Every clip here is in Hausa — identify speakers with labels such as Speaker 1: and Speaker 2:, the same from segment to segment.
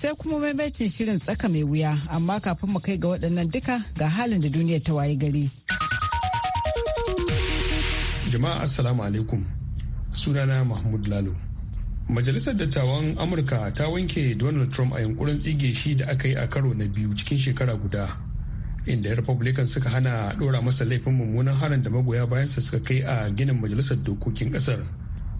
Speaker 1: sai kuma maimaitin shirin tsaka mai wuya amma kafin mu kai ga waɗannan duka ga halin da duniya ta waye
Speaker 2: gari. Jama'a Assalamu alaikum sunana Mahmud Lalo. Majalisar Dattawan Amurka ta wanke Donald Trump a yankunan tsige shi da aka yi a karo na biyu cikin shekara guda. Inda Republican suka hana ɗora masa laifin mummunan harin da magoya bayansa suka kai a ginin Majalisar Dokokin ƙasar.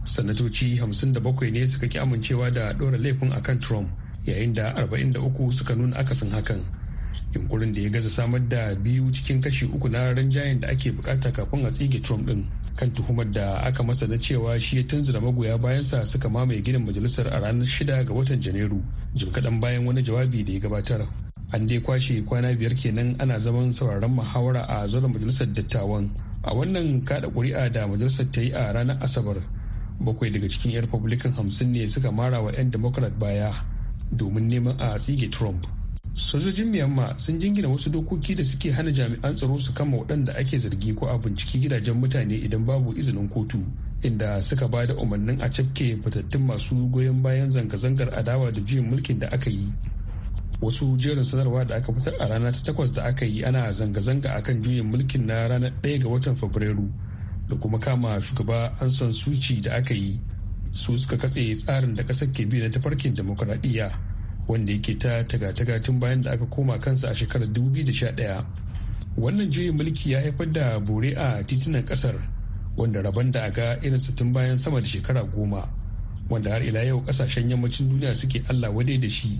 Speaker 2: Sanatoci 57 ne suka ki amincewa da ɗora laifin akan Trump. yayin da 43 suka nuna akasin hakan yunkurin da ya gaza samar da biyu cikin kashi uku na ranjayen da ake bukata kafin a tsige trump din kan tuhumar da aka masa na cewa shi ya tunzura magoya bayansa suka mamaye ginin majalisar a ranar shida ga watan janairu jim kaɗan bayan wani jawabi da ya gabatar an dai kwashe kwana biyar kenan ana zaman sauraron muhawara a zuwa majalisar dattawan a wannan kada kuri'a da majalisar ta yi a ranar asabar bakwai daga cikin 'yan republican hamsin ne suka mara wa 'yan democrat baya domin neman a tsige trump sojojin myanmar sun jingina wasu dokoki da suke hana jami'an tsaro su kama waɗanda ake zargi ko a binciki gidajen mutane idan babu izinin kotu inda suka ba da umarnin a cafke fatattun masu goyon bayan zanga-zangar adawa da juyin mulkin da aka yi wasu jerin sanarwa da aka fitar a rana ta takwas da aka yi ana zanga-zanga a kan juyin mulkin na ranar ɗaya ga watan fabrairu da kuma kama shugaba an san suci da aka yi su suka katse tsarin da ƙasar ke bi na tafarkin dimokuraɗiyya. wanda yake ta taga taga tun bayan da aka koma kansa a shekarar 2011 wannan juyin mulki ya haifar da bore a titunan kasar wanda rabon da aga irinsa tun bayan sama da shekara goma wanda har ila yau kasashen yammacin duniya suke allah wadai da shi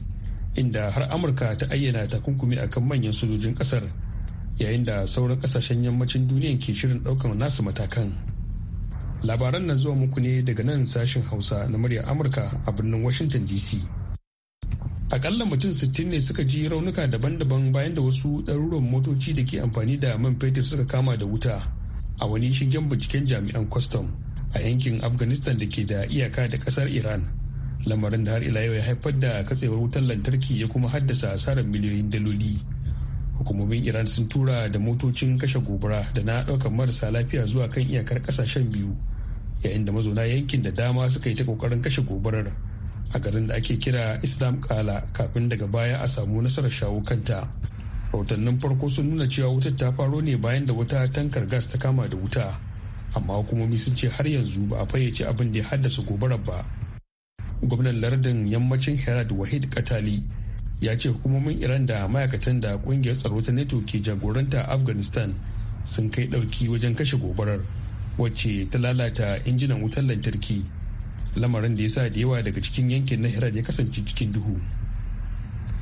Speaker 2: inda har amurka ta ayyana takunkumi akan manyan sojojin kasar yayin da sauran kasashen yammacin duniya ke shirin daukan nasu matakan labaran na zuwa muku ne daga nan sashen hausa na murya amurka a birnin washington dc akalla mutum 60 ne suka ji raunuka daban-daban bayan da wasu ɗaruruwan motoci da ke amfani da man fetur suka kama da wuta a wani shigen binciken jami'an kwastam a yankin afghanistan da ke da iyaka da ƙasar iran lamarin da har ila yau ya haifar da katsewar wutar lantarki ya kuma haddasa asarar miliyoyin daloli hukumomin iran sun tura da motocin kashe gobara da na ɗaukar marasa lafiya zuwa kan iyakar ƙasashen biyu yayin da mazauna yankin da dama suka yi ta ƙoƙarin kashe gobarar a garin da ake kira islam kala kafin daga baya a samu nasarar shawo kanta rahotannin farko sun nuna cewa wutar ta faro ne bayan da wata tankar gas ta kama da wuta amma hukumomi sun ce har yanzu ba a fayyace abin da ya haddasa gobarar ba gwamnan lardin yammacin herad wahid katali ya ce hukumomin iran da ma'aikatan da kungiyar tsaro ta neto ke jagoranta afghanistan sun kai dauki wajen kashe gobarar wacce ta lalata injinan wutar lantarki lamarin da ya sa da yawa daga cikin yankin na Herat ya kasance cikin duhu.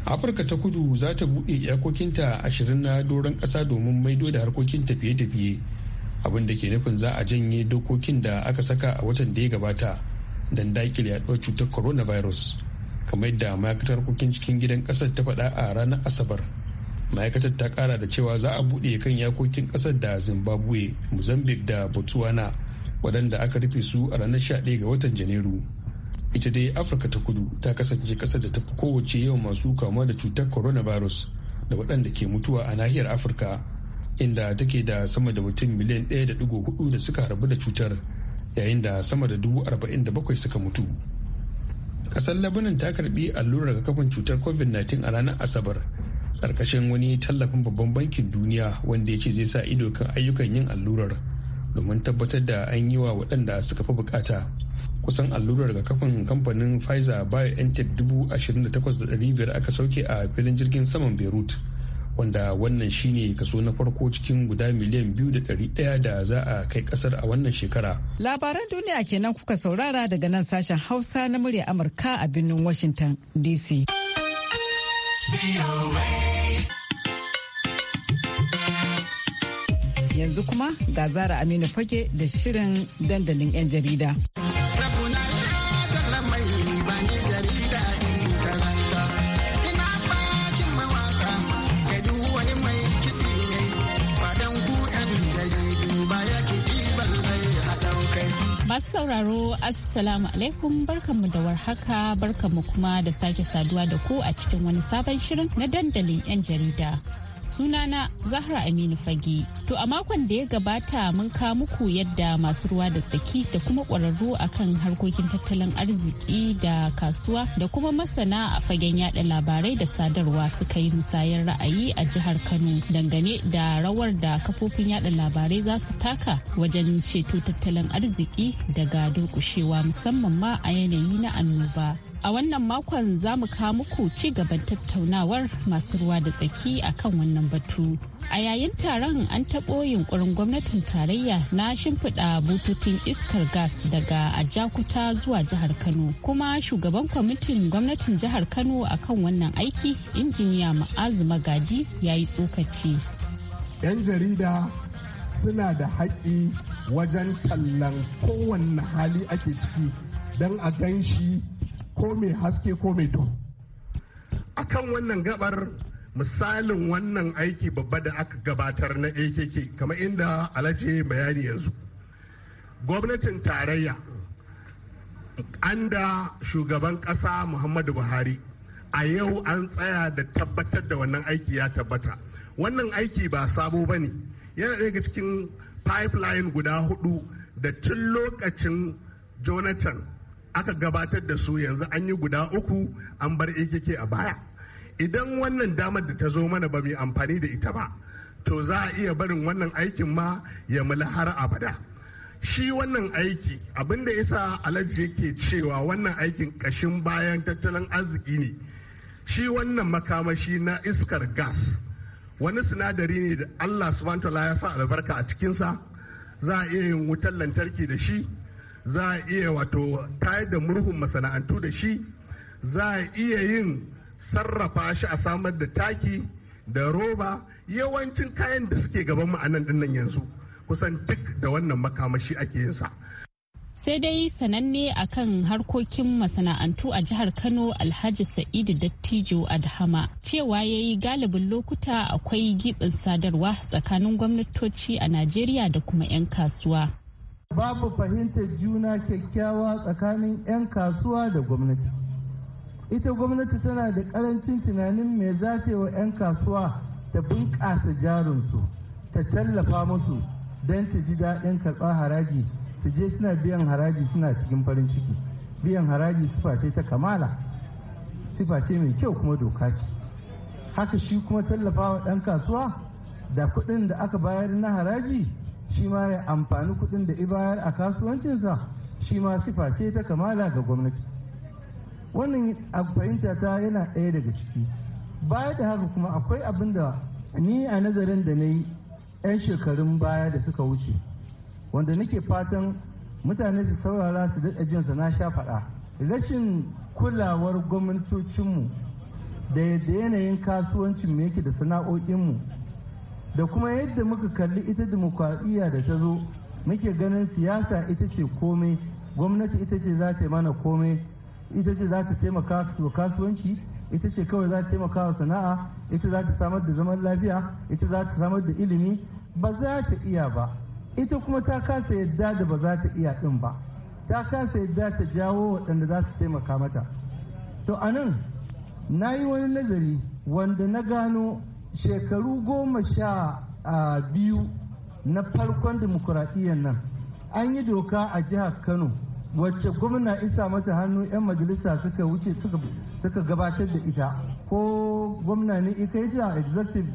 Speaker 2: Afirka ta kudu za ta buɗe iyakokinta ashirin na doron ƙasa domin maido da harkokin tafiye-tafiye abin da ke nufin za a janye dokokin da aka saka a watan da ya gabata don daƙile yaɗuwar cutar coronavirus kamar yadda ma'aikatar harkokin cikin gidan ƙasar ta faɗa a ranar asabar ma'aikatar ta ƙara da cewa za a buɗe kan iyakokin ƙasar da zimbabwe mozambique da botswana waɗanda aka rufe su a ranar 11 ga watan janairu ita dai afirka ta kudu ta kasance ƙasar da ta fi kowace yawan masu kamuwa da cutar coronavirus da waɗanda ke mutuwa a nahiyar afirka inda take da sama da mutum miliyan 1.4 da suka harbu da cutar yayin da sama da bakwai suka mutu ƙasar labanin ta karbi allurar kafin cutar covid-19 a ranar asabar karkashin wani tallafin babban bankin duniya wanda ya ce zai sa ido kan ayyukan yin allurar domin tabbatar da an yi wa waɗanda suka fi bukata kusan allurar kafin kamfanin pfizer biontech biyar aka sauke a filin jirgin saman beirut wanda wannan shine kaso na farko cikin guda miliyan biyu da ɗari ɗaya da za a kai kasar a wannan shekara.
Speaker 1: Labaran duniya kenan kuka saurara daga nan sashen Hausa na murya Amurka a birnin Washington DC. Yanzu kuma ga Zara Aminu Fage da shirin dandalin 'yan jarida.
Speaker 3: Masu sauraro Assalamu alaikum barkanmu da warhaka barkanmu kuma da sake saduwa da ku a cikin wani sabon shirin na dandalin 'yan jarida. Sunana Zahra Aminu Fage. To a makon da ya gabata mun ka muku yadda masu ruwa da tsaki da kuma ƙwararru akan harkokin tattalin arziki da kasuwa da kuma masana a fagen yada labarai da sadarwa suka yi musayar ra'ayi a jihar Kano dangane da rawar da kafofin yada labarai za su taka wajen ceto tattalin arziki daga durƙushewa musamman ma a yanayi na annoba. a wannan makon za mu kawo muku ci gaban tattaunawar masu ruwa da tsaki a kan wannan batu a yayin taron an taɓo yunkurin gwamnatin tarayya na shimfiɗa bututun iskar gas daga ajakuta zuwa jihar kano kuma shugaban kwamitin gwamnatin jihar kano a kan wannan aiki injiniya ma'azu magaji ya yi tsokaci
Speaker 4: 'yan jarida suna da haƙƙi wajen tallan kowanne hali ake ciki don a gan shi ko mai haske ko mai duhu akan wannan gabar misalin wannan aiki babba da aka gabatar na akk kamar inda alace bayani yanzu gwamnatin tarayya an da shugaban kasa muhammadu buhari a yau an tsaya da tabbatar da wannan aiki ya tabbata wannan aiki ba sabo ba ne yana daga cikin pipeline guda hudu da tun lokacin jonathan aka gabatar da su yanzu an yi guda uku an bar ikike a baya idan wannan damar da ta zo mana ba mai amfani da ita ba to za a iya barin wannan aikin ma ya mula har abada shi wannan aiki abinda sa alaji yake cewa wannan aikin kashin bayan tattalin arziki ne shi wannan makamashi na iskar gas wani sinadari ne da allah subhanahu ya sa albarka a cikinsa za a iya yin wutar lantarki da shi za a iya wato tayar da murhun masana'antu da shi za a iya yin sarrafa shi a samar da taki da roba yawancin kayan da suke gaban ma'anan dinnan yanzu kusan duk da wannan makamashi ake yin
Speaker 3: sai dai sananne a kan harkokin masana'antu a jihar kano alhaji sa'idu dattijo adhama cewa ya yi galibin lokuta akwai gibin sadarwa tsakanin gwamnatoci a najeriya da kuma 'yan kasuwa
Speaker 5: babu fahimtar juna kyakkyawa tsakanin 'yan kasuwa da gwamnati ita gwamnati tana da karancin tunanin mai zace wa 'yan kasuwa ta bunƙasa jarinsu ta tallafa musu don ta ji daɗin karɓar haraji su je suna biyan haraji suna cikin farin ciki biyan haraji sifa ce ta kamala sifa ce mai kyau kuma doka ce haka shi kuma tallafa wa ɗan kasuwa da kuɗin da aka bayar na haraji shi ma ya amfani kuɗin da ibayar a kasuwancinsa shi ma sifa ce ta kamala ga gwamnati wannan a fahimta ta yana ɗaya daga ciki baya da haka kuma akwai abin da ni a nazarin da na yi 'yan shekarun baya da suka wuce wanda nake fatan mutane su saurara su daɗa jinsa na sha faɗa rashin kulawar gwamnatocinmu da yadda yanayin kasuwancin mu yake da sana'o'inmu da kuma yadda muka kalli ita dimokuraɗiyya da ta zo muke ganin siyasa ita ce komai gwamnati ita ce za ta mana komai ita ce za ta taimaka wa kasuwanci ita ce kawai za ta taimaka wa sana'a ita za ta samar da zaman lafiya ita za ta samar da ilimi ba za ta iya ba ita kuma ta kasa yadda da ba za ta iya din ba ta kasa yadda ta jawo waɗanda za su taimaka mata to anan na yi wani nazari wanda na gano shekaru goma sha biyu na farkon demokuraɗiyyar nan an yi doka a jihar kano wacce gwamna isa mata hannu 'yan majalisa suka wuce suka gabatar da ita ko gwamna ne ita ya executive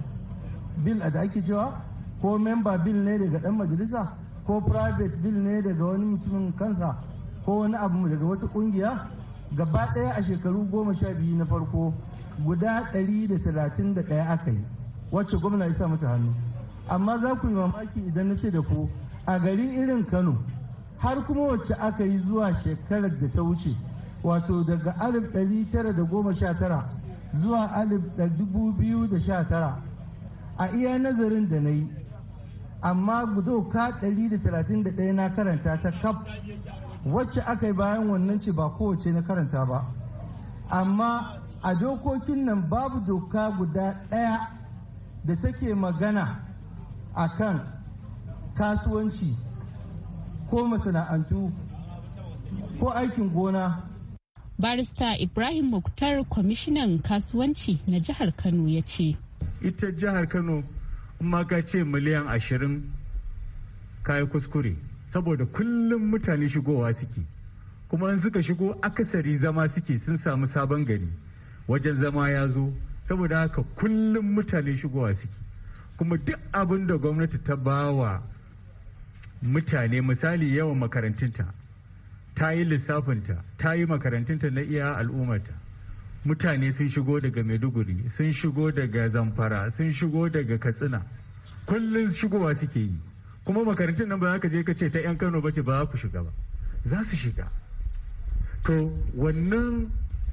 Speaker 5: bill a da ake cewa ko member bill ne daga dan majalisa ko private bill ne daga wani mutumin kansa ko wani abu daga wata kungiya gaba ɗaya a shekaru goma sha biyu na farko guda 131 aka yi wacce gwamna ya sa mata hannu amma za ku yi mamaki idan na ce da ku a garin irin kano har kuma wacce aka yi zuwa shekarar da ta wuce wato daga 1919 zuwa 2019 a iya nazarin da na yi amma doka 131 na karanta ta kaf wacce aka yi bayan wannan ce ba kowace na karanta ba amma a dokokin nan babu doka guda ɗaya da take magana a kan kasuwanci ko masana'antu
Speaker 3: ko aikin gona barista ibrahim muktar kwamishinan kasuwanci na jihar kano ya ce
Speaker 6: ita jihar kano ma ka ce miliyan ashirin kayan kuskure saboda kullum mutane shigowa suke kuma in suka shigo akasari zama suke sun samu sabon gari wajen zama ya zo saboda haka kullum mutane shigowa suke kuma duk abin da gwamnati ta bawa mutane misali yawan makarantunta ta yi lissafinta ta yi makarantunta na iya al'ummata mutane sun shigo daga maiduguri sun shigo daga zamfara sun shigo daga katsina kullum shigowa suke yi kuma makarantun nan ba za ka je ka ce ta 'yan kano ba ce ba za ku shiga ba za su shiga to wannan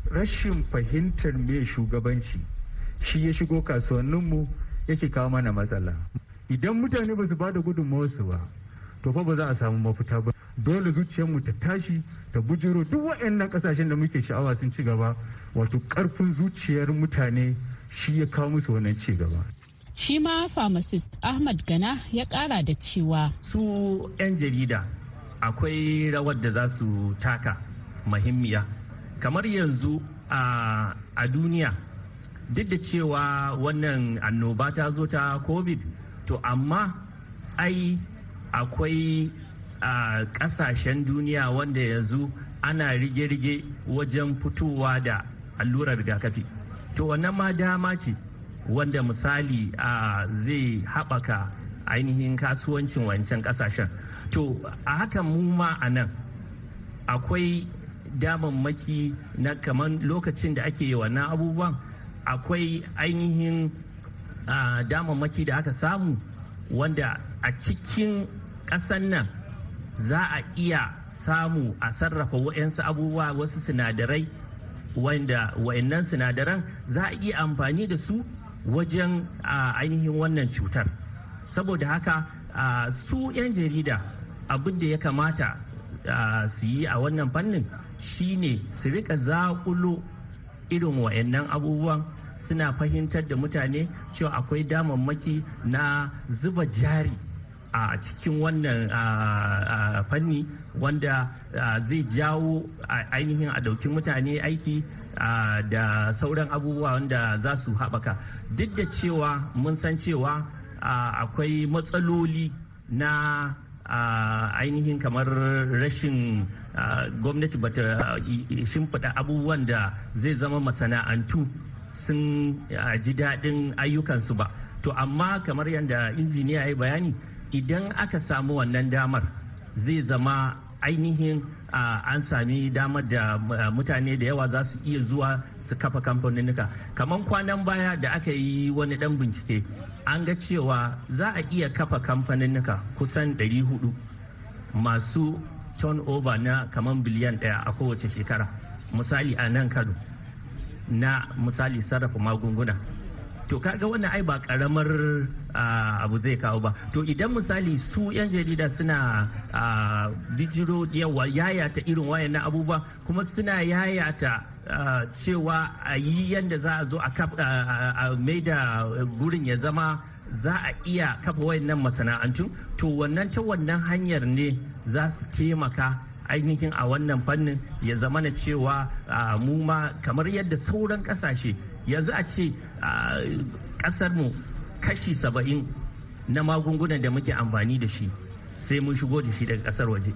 Speaker 6: rashin fahimtar me shugabanci shi ya shigo kasuwanninmu yake kawo mana matsala idan mutane ba su ba da gudunmawarsu ba to fa ba za a samu mafita ba dole zuciyarmu ta tashi ta bujiro duk waɗannan ƙasashen da muke sha'awa sun ci gaba wato ƙarfin zuciyar mutane
Speaker 7: shi ya kawo musu wannan ci gaba
Speaker 3: shi ma pharmacist ahmad gana ya
Speaker 7: ƙara da cewa su 'yan jarida akwai rawar da za su taka muhimmiya kamar yanzu a duniya duk da cewa wannan annoba ta zo ta covid to amma ai akwai a kasashen duniya wanda yanzu ana rige-rige wajen fitowa da allurar rigakafi to wannan ma dama ce wanda misali a zai haɓaka ainihin kasuwancin wancan kasashen to a hakan mu ma a nan akwai damammaki na kamar lokacin da ake yi wannan abubuwan akwai ainihin damammaki da aka samu wanda a cikin ƙasan nan za a iya samu a sarrafa wa'yansu abubuwa wasu sinadarai wanda wa'annan sinadaran za a iya amfani da su wajen ainihin wannan cutar saboda haka su 'yan jarida abinda ya kamata su yi a wannan fannin shine su rika zakulo irin wa'annan abubuwan suna fahimtar da mutane cewa akwai damammaki na zuba jari a cikin wannan fanni wanda zai jawo ainihin a ɗauki mutane aiki da sauran abubuwa wanda za su haɓaka duk da cewa mun san cewa akwai matsaloli na ainihin kamar rashin gwamnati bata shimfiɗa abubuwan da zai zama masana'antu sun ji daɗin ayyukansu ba to amma kamar yadda injiniya ya yi bayani idan aka samu wannan damar zai zama ainihin an sami damar da mutane da yawa za su iya zuwa su kafa kamfaninnika kamar kwanan baya da aka yi wani dan bincike an ga cewa za a iya kafa kamfaninnika kusan 400 masu turnover na kamar biliyan ɗaya a kowace shekara misali a nan kano na misali sarrafa magunguna to kaga wannan ai ba karamar abu zai kawo ba to idan misali su yan jarida suna bijiro yawa yayata irin wayan na abubuwa kuma suna yayata cewa a yi yadda za a zo a mai da gurin ya zama za a iya kafa wayan nan masana'antu to wannan ta wannan hanyar ne za su taimaka ainihin a wannan fannin ya zama na cewa mu ma kamar yadda sauran kasashe yanzu a ce kasarmu kashi saba'in na magungunan da muke amfani da shi sai mun shigo da shi daga kasar waje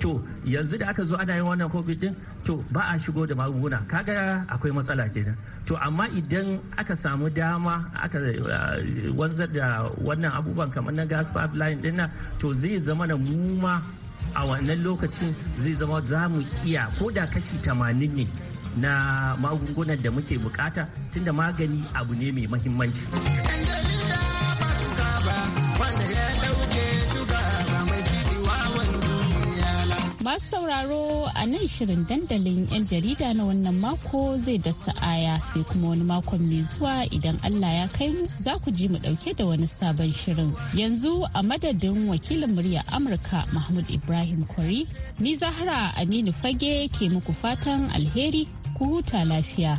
Speaker 7: to yanzu da aka zo ana yin wannan covid din to ba a shigo da magunguna kaga akwai matsala kenan to amma idan aka samu dama aka eh, wanzar da wannan abubuwan kamar na gas pipeline din nan to zai zama na mu ma a wannan lokacin zai zama za mu iya ko da kashi 80 ne na magungunan da muke bukata tunda magani abu ne mai mahimmanci.
Speaker 3: Masu sauraro a nan shirin dandalin 'yan jarida na wannan mako zai da sa'aya sai kuma wani makon mai zuwa idan Allah ya kai mu za ku ji mu ɗauke da wani sabon shirin. Yanzu a madadin wakilin murya Amurka Mahmud Ibrahim Kwari, ni Zahra Aminu Fage ke muku fatan alheri ku huta lafiya.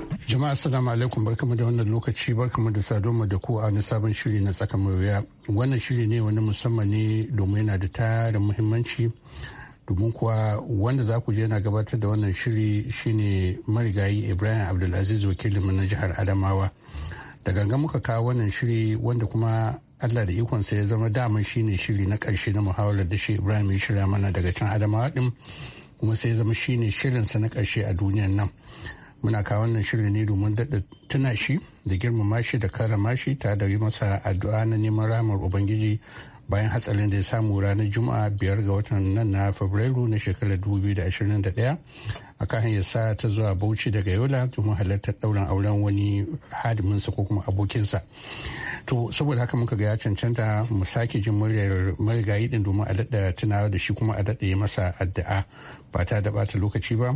Speaker 8: Jama'a assalamu alaikum barkamu da wannan lokaci barkamu da sadoma da kowa na sabon shiri na tsaka wuya. Wannan shiri ne wani musamman ne domin yana da tarin muhimmanci domin kuwa wanda za ku je na gabatar da wannan shiri shine marigayi Ibrahim Abdulaziz wakilin na jihar Adamawa. Da gangan muka kawo wannan shiri wanda kuma Allah da ikonsa ya zama daman shine shiri na karshe na muhawarar da shi Ibrahim ya shirya mana daga can Adamawa din kuma sai ya zama shine shirinsa na karshe a duniyar nan. muna kawo wannan shirin ne domin daɗa tuna shi da girmama shi da karama shi ta da yi masa addu'a na neman ramar ubangiji bayan hatsarin da ya samu ranar juma'a biyar ga watan nan na fabrairu na shekarar 2021 a kan hanyar sa ta zuwa bauchi daga yola domin halartar ɗaurin auren wani hadiminsa ko kuma abokinsa to saboda haka muka ga ya cancanta mu sake jin muryar marigayi din domin a daɗa tunawa da shi kuma a daɗa yi masa addu'a ba ta da ɓata lokaci ba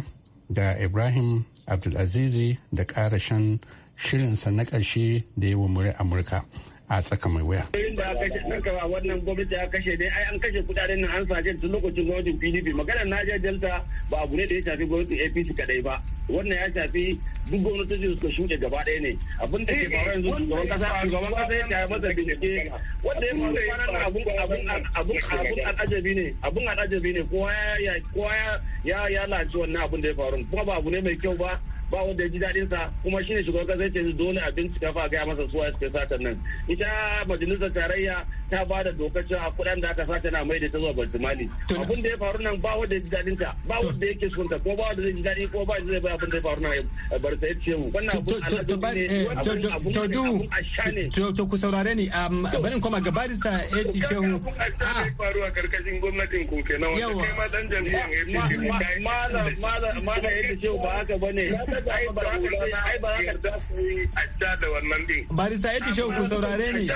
Speaker 8: da ibrahim abdulazizi da karashen shirinsa na ƙarshe da yawan murai amurka a tsaka mai wuya.
Speaker 9: wannan gwamnati aka kashe ai kashe kudaden nan an sace tun lokacin gwamnatin PDP Delta ba abu ne ya shafi gwamnatin APC kadai ba wannan ya shafi duk suka shuɗe gaba ɗaya ne abin da ke faruwa yanzu kasa kasa ya masa bincike wanda ya faru abun abun abun al'ajabi ne kowa ya kowa wannan abun da ya faru kuma ba abu ne mai kyau ba ba wanda ya ji daɗin sa kuma shine shugaban kasa ce dole a bincika fa ga masa suwa suka sata nan ita majalisar tarayya ta ba da dokar cewa kuɗin da aka sata na mai da ta zuwa baltimani abin da ya faru nan ba wanda ya ji daɗin ta ba wanda yake son ta ko ba wanda zai ji daɗi ko ba zai bai abin da ya faru nan bar sai ce mu wannan
Speaker 6: abun alhaji ne
Speaker 2: eh,
Speaker 6: abun a sha ne to to ku saurare
Speaker 2: ni um, barin koma ga
Speaker 6: barista eti shehu a ah.
Speaker 10: faru a karkashin gwamnatin ku kenan wanda kai ma dan jami'an eti shehu malam malam malam eti shehu ba haka bane barista ya ce shau ku saurare ne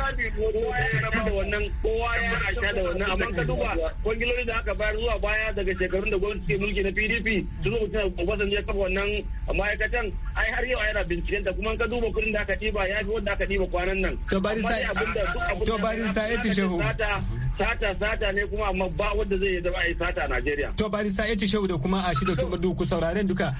Speaker 9: kowa ya sha da wannan amma ka duba kwangiloli da aka bayar zuwa baya daga shekarun da gwamnati mulki na pdp sun zo mutum wasan ya kafa wannan ma'aikatan ai har yau yana binciken ta kuma ka duba kudin da aka ɗiba ya fi wanda aka ɗiba kwanan nan to barista ya ce shau sata sata ne kuma amma ba wanda zai yi zama a yi sata a Najeriya.
Speaker 2: To bari sa ce shehu da kuma a da tuba duku sauraren duka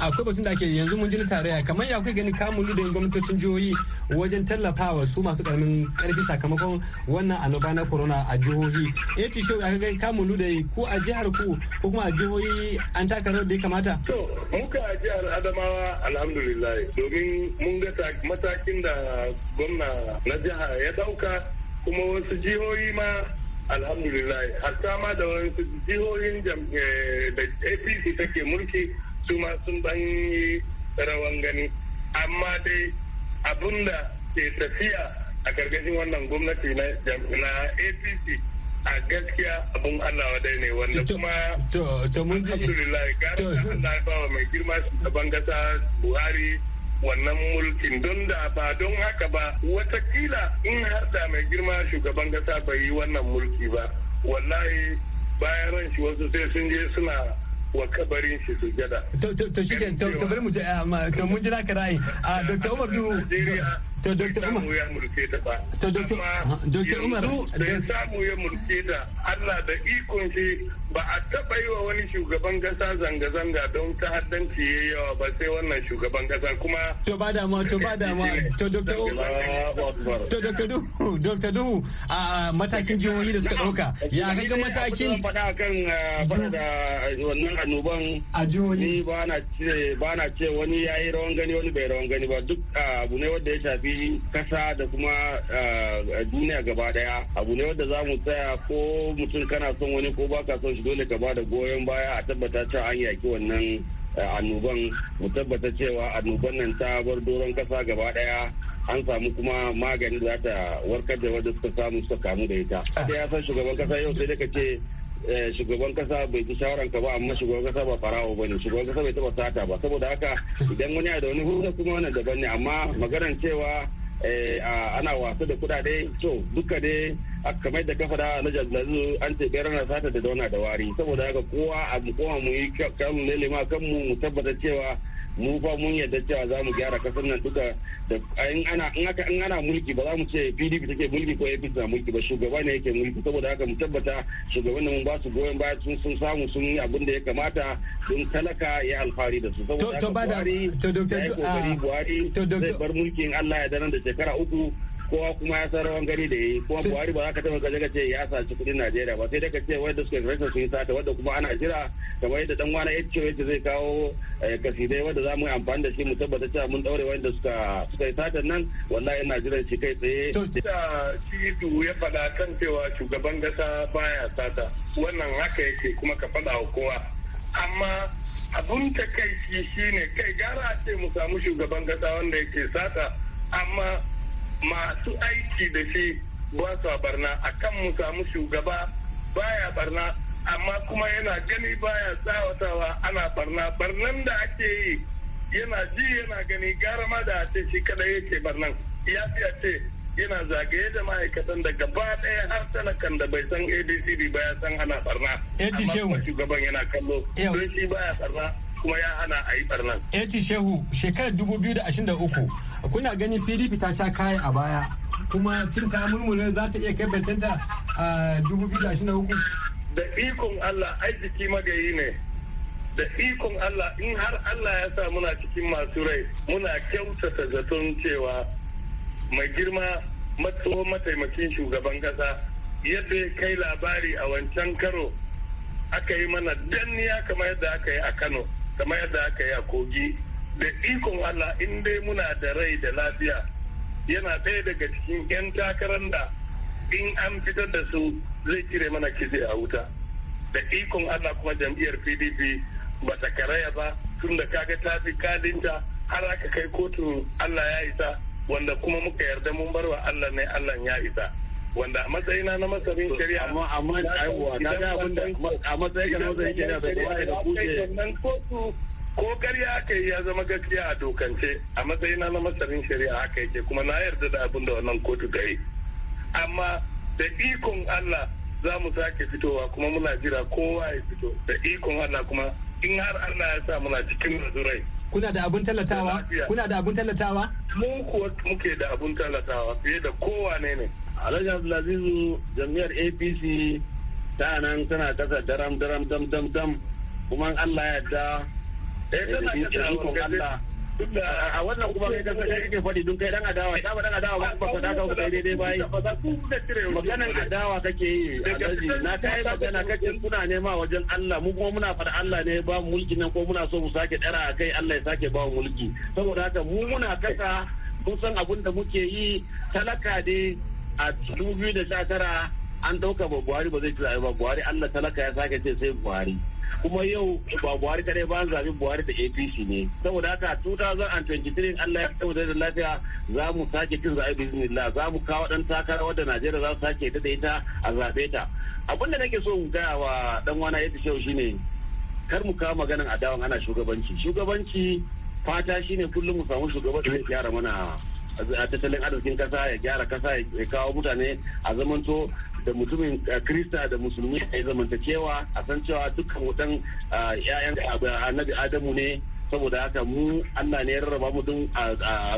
Speaker 2: akwai batun da ake yanzu mun ji tarayya kamar ya kai ganin kamun da gwamnatocin jihohi wajen tallafawa su masu karamin karfi sakamakon wannan annoba na corona a jihohi. Ya ce shehu aka kai kamun da ko a jihar ku ko
Speaker 4: kuma a jihohi an taka rawar da ya kamata. To
Speaker 10: muka a jihar Adamawa alhamdulillah domin mun ga matakin da gwamna na jiha ya dauka kuma wasu jihohi ma alhamdulillah hatta ma da wasu jihohin eh, da apc take mulki su ma sun dan yi rawan gani amma dai abun da ke tafiya a gargajin wannan gwamnati na apc a gaskiya abun Allah wa dai ne wanda kuma to
Speaker 6: to mun ji alhamdulillah ga Allah
Speaker 10: ya ba mai girma shugaban kasa Buhari wannan mulkin don da ba don haka ba watakila in har da mai girma shugaban kasa bai yi wannan mulki ba wallahi bayan ran shi wasu sai sun je suna wa kabarin shi su gada
Speaker 6: To shi ke, to bari mu je, eh, to mun jira ka ra'ayi.
Speaker 10: Ah, Dr. Umar Duhu. to Umar ya mulke ta ba to Dr. Umar da samu ya mulke Allah da ikon shi ba a taba yi wa wani shugaban kasa zanga zanga don ta haddanci ya yawa ba sai wannan shugaban kasa kuma to ba da to ba da
Speaker 6: ma to Duhu Duhu matakin jihohi da suka dauka ya ga matakin
Speaker 9: kan uh, a jihohi ce wani yayi rawan gani wani bai rawan gani ba duk uh, abu ne wanda ya shafi kasa da kuma eh, duniya gaba daya abu ne wanda za mu tsaya ko mutum kana son wani ko baka son shi dole ka bada goyon baya a tabbata cewa an yaki wannan eh, annoban mu tabbata cewa annoban nan ta bar doron kasa gaba daya an samu kuma magani za ta warkar da wadda suka samu suka kamu da ita. Ya san shugaban kasa yau sai da ka ce Eh, shugaban kasa bai ji shawarar ka ba amma shugaban kasa ba farawo ba ne shugaban kasa bai taba sata ba saboda haka idan wani da wani hurna kuma wannan daban ne amma maganar cewa eh, ana wasu da kudade to duka dai kamar da kafa da na jallazu an ce bayar na sata da dauna da wari saboda haka kowa a mu kowa mu yi kamun lele ma kanmu mu tabbata cewa mu fa mun yarda cewa za mu gyara kasar nan duka da in ana ana mulki ba za mu ce PDP take mulki ko APC na mulki ba shugaba ne yake mulki saboda haka mu tabbata shugaban nan ba su goyon baya sun sun samu sun yi abin da ya kamata sun talaka ya alfahari da su saboda haka Buhari to ah, zai bar mulkin Allah ya dana da shekara uku kowa kuma ya san rawan gani da yi kuma buhari ba za ka taɓa gaje ce ya saci kuɗin najeriya ba sai daga ce wanda suka rashin sun sata wanda kuma ana jira kamar yadda dan wani yace yace zai kawo eh, kasidai wanda za mu yi amfani da shi mu tabbata cewa mun daure wanda suka suka yi sata nan wallahi ina
Speaker 10: jiran shi kai tsaye da shi ya faɗa kan cewa shugaban gasa baya sata wannan haka yake kuma ka faɗa wa kowa amma abun ta kai shi shine kai gara a ce mu samu shugaban gasa wanda yake sata amma masu aiki da shi ba su barna a kan mu samu shugaba baya barna amma kuma yana gani baya tsawatawa ana barna barnan da ake yi yana ji yana gani gara ma da ce shi kadai yake barnan ya fi a ce yana zagaye da ma'aikatan da gaba ɗaya har talakan da bai san abcd ba ya san ana barna eh, amma shugaban yana kallo don shi baya barna kuma ya hana a yi barnan.
Speaker 6: Eti Shehu shekarar 2023
Speaker 2: kuna ganin PDP ta sha kayan a baya kuma cin ta murmure za ta iya kai baccinta a 2023. Da ikon Allah jiki magayi
Speaker 10: ne. Da ikon Allah in har Allah ya sa muna cikin masu rai muna kyautata zaton cewa mai girma matso mataimakin shugaban kasa yadda ya kai labari a wancan karo aka yi mana danniya kamar yadda aka yi a Kano. kamar yadda aka yi a kogi da ikon Allah in dai muna da rai da lafiya yana ɗaya daga cikin 'yan takarar da in an fitar da su zai cire mana kizi a wuta da ikon Allah kuma jam'iyyar PDP ba ta karaya ba tun da kaga ta fi kadinta har aka kai kotun Allah ya isa wanda kuma muka yarda mun barwa Allah ne Allah ya isa. wanda a matsayina na masarin shari'a amma amma aiwa na ga abin da a matsayin ka na masarin shari'a bai kamata ka ko karya aka yi ya zama gaskiya a dokance a matsayina na masarin shari'a haka yake kuma na yarda da abin da wannan kotu ta yi amma da ikon Allah za mu sake fitowa kuma muna jira kowa ya fito da ikon Allah kuma in har Allah ya sa muna cikin nazurai
Speaker 2: kuna da abun tallatawa kuna da abun tallatawa
Speaker 10: mu kuwa muke da abun tallatawa fiye da kowa ne ne alhaji abdulazizu jam'iyyar apc ta nan tana kasa daram daram dam dam dam
Speaker 9: kuma allah ya eh, da kuma kai kasa kai adawa ta ba dan adawa nema wajen Allah mu Allah ne ba mu mulki ko muna so mu sake dara kai Allah ya sake ba mu mulki saboda haka mu muna da muke yi talaka a 2019 an ɗauka ba buhari ba zai ci zaɓe ba buhari allah talaka ya sake ce sai buhari kuma yau ba buhari kadai ba zaɓi buhari da apc ne saboda haka 2023 allah ya tabbata da lafiya za mu sake cin zaɓe bismillah za mu kawo ɗan takara wadda najeriya za su sake ta da ita a zaɓe ta abin da nake so in gaya wa dan wana ya shau shine kar mu kawo maganan adawan ana shugabanci shugabanci fata shine kullum mu samu shugaban da zai gyara mana tattalin arzikin kasa ya gyara kasa ya kawo mutane a zamanto da mutumin krista da musulmi a zamantakewa a san cewa dukkan wutan 'ya'yan annabi adamu ne saboda haka mu Allah ne ya rarraba mu don a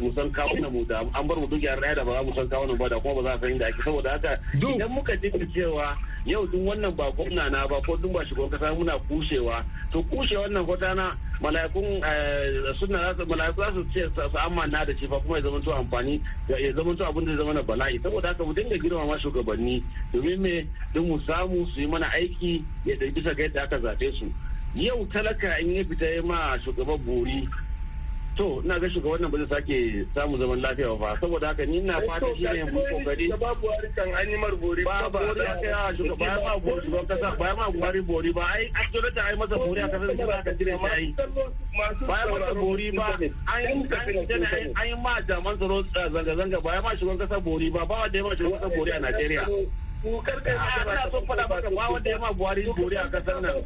Speaker 9: musan kawo mu da an bar mu duk yaran daya da ba mu san kawo ba da kuma ba za a san inda ake saboda haka idan muka ji cewa yau duk wannan ba gwamna na ba ko duk ba shugaban kasa muna kushewa to kushe wannan kwatana mala'ikun eh, suna mala'iku za su ce su na da shi kuma ya zamanto amfani ya zamanto abin da zama na bala'i saboda haka mu dinga girma ma shugabanni domin me don mu samu su yi mana aiki ya bisa ga yadda aka zaɓe su yau talaka in ya fita ya ma shugaban bori to ina ga shugaban nan ba zai sake samu zaman lafiya ba saboda haka ni ina fata shi ne mun kokari ba
Speaker 10: buhari kan an yi mar bori ba ba ya kai shugaba ya ma bori ba kasa ba ya ma buhari bori ba ai an jira
Speaker 9: ta ai masa bori a kasar da ka jira mai
Speaker 10: ba ya masa bori ba ai an yi
Speaker 9: ma jaman tsaro zanga zanga ba ya ma shugaban kasa bori ba ba wanda ya ma shugaban kasa bori a Najeriya
Speaker 10: ko karkar da
Speaker 9: ba so ba wanda ya ma buhari bori a kasar nan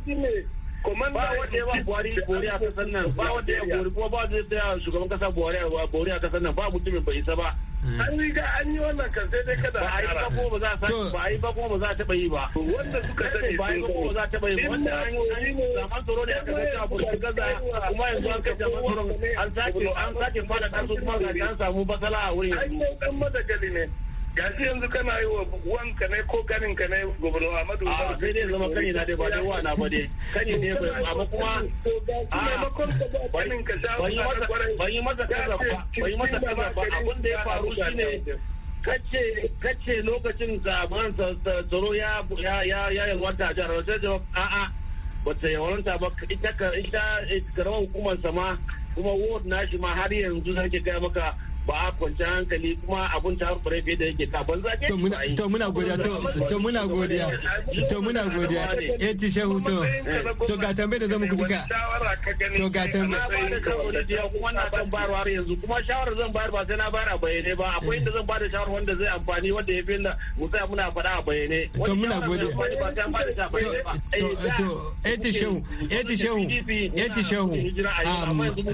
Speaker 9: ba wanda ya ba buhari a kasar nan ba wanda ya bori kuma ba wanda ya shugaban kasa buhari a bori a kasar nan ba mutumin bai isa ba hmm. an riga an yi wannan kan sai dai kada a yi ba kuma ba za a ba a yi ba kuma ba za a taba yi ba wanda suka sani ba yi ba kuma ba za a taba yi ba. wanda an yi zaman tsaro ne a aka zai abu da gaza kuma yanzu an kai zaman tsaro an sake an sake fada dan su kuma ga an samu basala a wurin an
Speaker 10: yi dan madagali ne yanzu yanzu kana yi wa wanka ne ko ganin ka ne a madu Umar sai dai zama kani na dai ba dai wana ba dai kani ne ba amma kuma maimakon ka ba ganin ka sha ban yi masa kaza
Speaker 9: ba a yi masa kaza ba abin da ya faru shine kace kace lokacin da man tsaro ya ya ya ya yalwata jihar a a a'a bata yawanta ba ita ita karamar hukumar sama kuma ward nashi ma har yanzu zan ke gaya maka ba a kwanciyar hankali kuma abun ta fure fiye da yake kafin zaɓe. To
Speaker 6: muna godiya to muna godiya to muna godiya E
Speaker 2: ti shehu to to ga tambayar da zamu kuka to ga tambayar kuma na san bayarwa
Speaker 9: yanzu kuma shawarar zan bayar ba sai na bayar a bayyane ba akwai inda zan bada shawara wanda zai amfani wanda ya fi na musa muna faɗa a bayyane. To muna godiya to e ti eh, shehu e eh, ti shehu e eh, ti shehu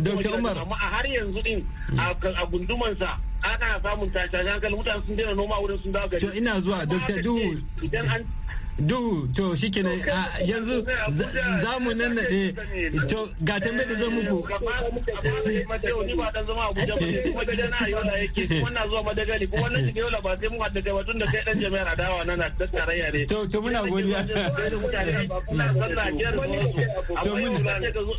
Speaker 9: Dr. Umar. Amma har yanzu din a gunduma sa ana samun tashin hankali mutane sun daina noma wurin sun dawo gari. To ina zuwa Dr. Duhu.
Speaker 6: Idan an duhu to shi kenan yanzu za
Speaker 10: mu nan na to ga tambayar da zan eh, muku
Speaker 9: to to muna godiya to muna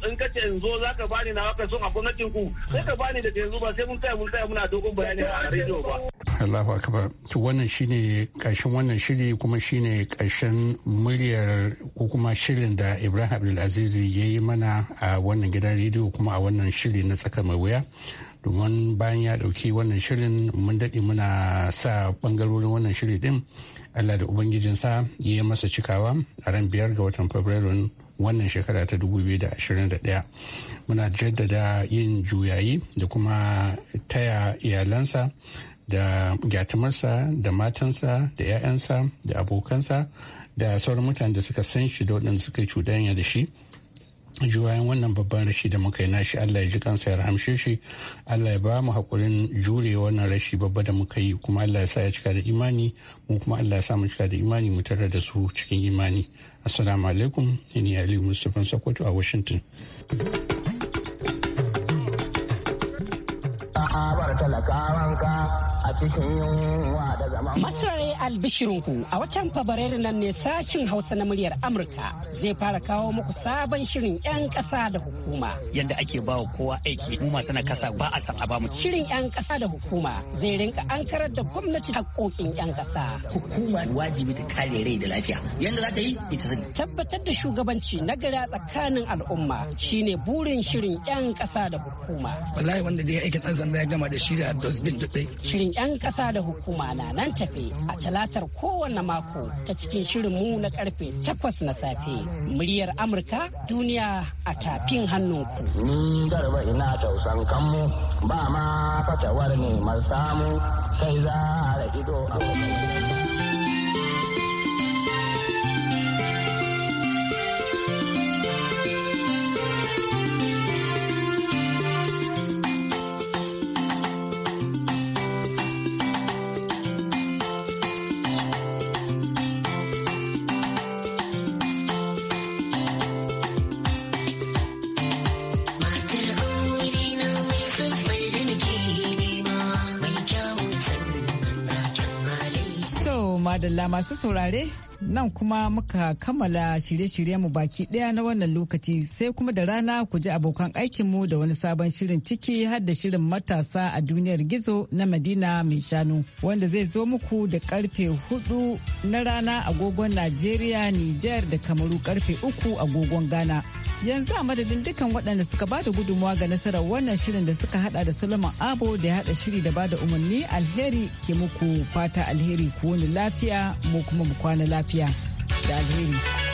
Speaker 9: in ka ce in zo za ka bani na waka son a gwamnatin ku sai ka bani da yanzu ba sai mun tsaya mun tsaya muna dogon bayani a rediyo ba
Speaker 8: Allahu akbar. Wannan shine ƙarshen wannan shiri kuma shine ƙarshen muryar ko kuma shirin da Ibrahim abdul'azizi ya yi mana a wannan gidan rediyo kuma a wannan shiri na tsaka mai wuya. domin bayan ya ɗauki wannan shirin mun daɗe muna sa ɓangarorin wannan shiri ɗin allah da ubangijinsa ya yi masa cikawa a ran biyar ga watan february wannan shekara ta 2021 muna jaddada yin juyayi da kuma taya iyalansa da gyatumarsa da matansa da 'ya'yansa da abokansa da sauran mutane da suka san shi da waɗanda suka cuɗanya da shi juwayen wannan babban rashi da muka yi nashi Allah ya ji kansa ya rahamshe shi Allah ya ba mu haƙurin jure wannan rashi babba da muka yi kuma Allah ya sa ya cika da imani mu kuma Allah ya sa mu cika da imani mu tare da su cikin imani assalamu alaikum ni Ali Mustapha Sokoto a Washington
Speaker 4: a'a bar talakawanka cikin yunwa da zama. Masarare
Speaker 1: albishirinku a watan Fabrairu nan ne sashin Hausa na muryar Amurka zai fara kawo muku sabon shirin 'yan ƙasa da hukuma.
Speaker 7: Yanda ake ba wa kowa aiki mu masu na kasa ba a san a ba mu. Shirin
Speaker 1: 'yan ƙasa da hukuma zai rinka an karar da gwamnati haƙoƙin 'yan ƙasa. Hukuma wajibi ta kare rai da lafiya. Yanda za ta yi ita sani. Tabbatar da shugabanci na gari tsakanin al'umma shine burin shirin 'yan ƙasa da hukuma. Wallahi wanda da ya aiki ɗan sanda ya gama da shi da dosbin da Shirin 'yan ƙasa da hukuma na nan tafe a talatar kowane mako ta cikin shirinmu na karfe takwas na safe. Muryar Amurka
Speaker 8: duniya a tafin hannunku. Ni garba ina tausan kanmu ba ma fatawar ne samu sai za a ido a
Speaker 1: madalla masu saurare nan kuma muka kammala shirye-shiryenmu baki ɗaya na wannan lokaci sai kuma da rana ku ji abokan aikinmu da wani sabon shirin ciki har da shirin matasa a duniyar gizo na madina mai shanu wanda zai zo muku da karfe hudu na rana agogon najeriya niger da kamaru karfe uku agogon ghana yanzu a madadin dukkan waɗanda suka bada gudunmawa ga nasarar wannan shirin da suka hada da solomon abo da ya hada shiri da bada umarni alheri ke muku fata alheri ku wani lafiya mu kuma mu kwana lafiya lafiya da alheri.